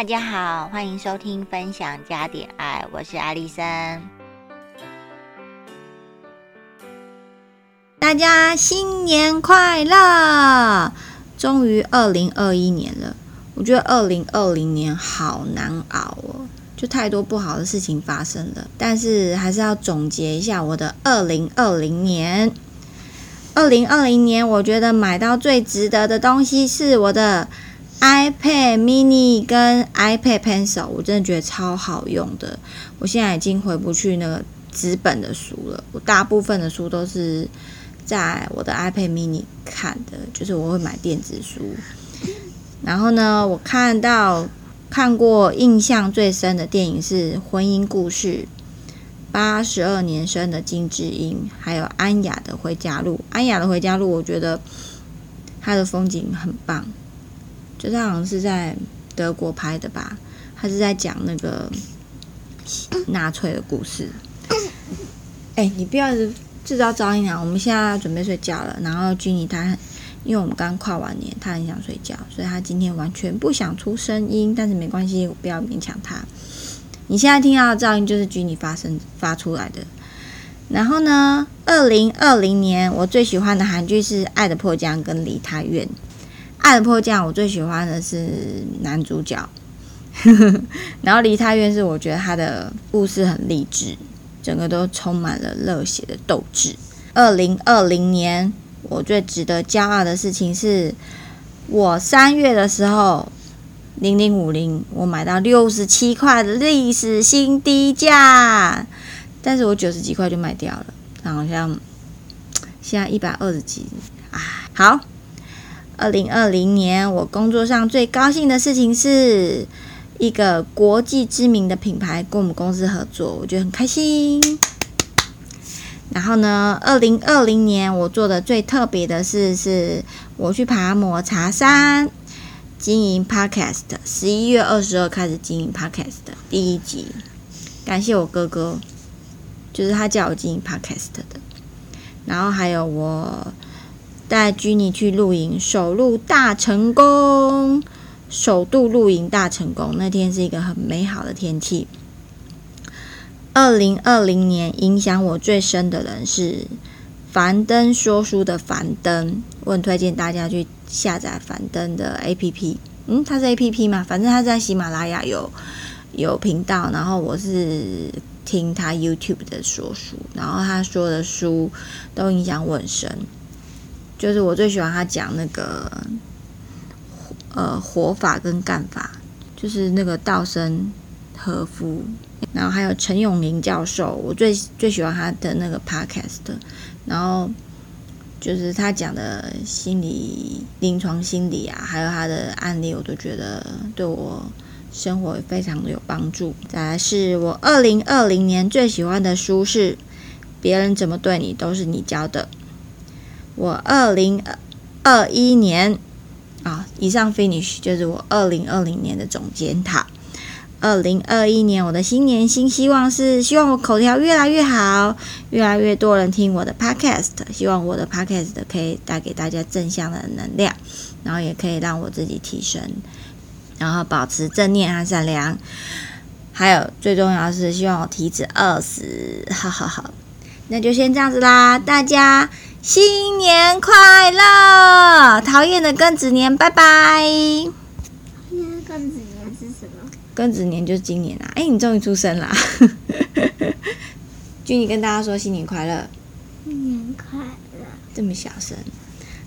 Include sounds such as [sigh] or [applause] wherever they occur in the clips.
大家好，歡迎收聽分享加點愛，我是阿麗森。大家新年快樂！終於二零二一年了，我覺得二零二零年好難熬哦，就太多不好的事情發生了。但是還是要總結一下我的二零二零年。二零二零年，我覺得買到最值得的東西是我的 iPad mini 跟 iPad pencil，我真的覺得超好用的。我現在已經回不去那個紙本的書了，我大部分的書都是在我的 iPad mini 看的，就是我會買電子書。然後呢，我看到看過印象最深的電影是《婚姻故事》、《八十二年生的金智英》，還有《安雅的回家路》。《安雅的回家路》我覺得它的風景很棒。就是他好像是在德國拍的吧，他是在講那個納粹的故事。哎，你不要一直製造噪音啊！我們現在要準備睡覺了。然後君尼他，因為我們剛跨完年，他很想睡覺，所以他今天完全不想出聲音。但是沒關係，我不要勉強他。你現在聽到的噪音就是君尼發聲發出來的。然後呢，二零二零年我最喜歡的韓劇是《愛的迫降》跟《梨泰院》。《愛的迫降》，我最喜歡的是男主角。呵呵，然後《梨泰院》是我覺得他的故事很勵志，整個都充滿了熱血的鬥志。二零二零年，我最值得驕傲的事情是，我三月的時候零零五零，0050，我買到六十七塊的歷史新低價，但是我九十幾塊就賣掉了，好像現在一百二十幾，哎、啊，好。二零二零年，我工作上最高興的事情是一個國際知名的品牌跟我們公司合作，我覺得很開心。然後呢，二零二零年我做的最特別的事是，我去爬抹茶山，經營 podcast，十一月二十二開始經營 podcast 第一集，感謝我哥哥，就是他叫我經營 podcast 的，然後還有我。帶居尼去露營，首露大成功，首度露營大成功。那天是一個很美好的天氣。二零二零年影響我最深的人是樊登說書的樊登，我很推薦大家去下載樊登的 APP。嗯，他是 APP 嘛？反正他在喜馬拉雅有有頻道，然後我是聽他 YouTube 的說書，然後他說的書都影響我很深。就是我最喜歡他講那個，呃，活法跟幹法，就是那個稻盛和夫，然後還有陳永齡教授，我最最喜歡他的那個 podcast，然後就是他講的心理臨床心理啊，還有他的案例，我都覺得對我生活非常的有幫助。再來是我二零二零年最喜歡的書是《別人怎麼對你都是你教的》。我二零二一年啊、哦，以上 finish 就是我二零二零年的總檢討。二零二一年我的新年新希望是，希望我口條越來越好，越來越多人聽我的 podcast。希望我的 podcast 可以帶給大家正向的能量，然後也可以讓我自己提升，然後保持正念和善良。還有最重要的是，希望我體脂二十，好好好，那就先這樣子啦，大家。新年快樂！討厭的庚子年，拜拜。那庚子年是什麼？庚子年就是今年啦、啊，誒你終於出生啦、啊！哈哈君尼跟大家說新年快樂。新年快樂。這麼小聲。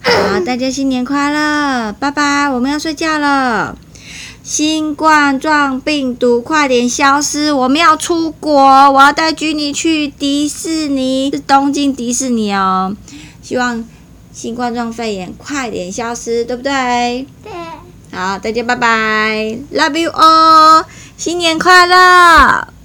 好，大家新年快樂， [coughs] 拜拜！我們要睡覺了。新冠狀病毒快點消失！我們要出國，我要帶君尼去迪士尼，是東京迪士尼哦。希望新冠狀肺炎快點消失，對不對？對。好，再見，拜拜，Love you all，新年快樂！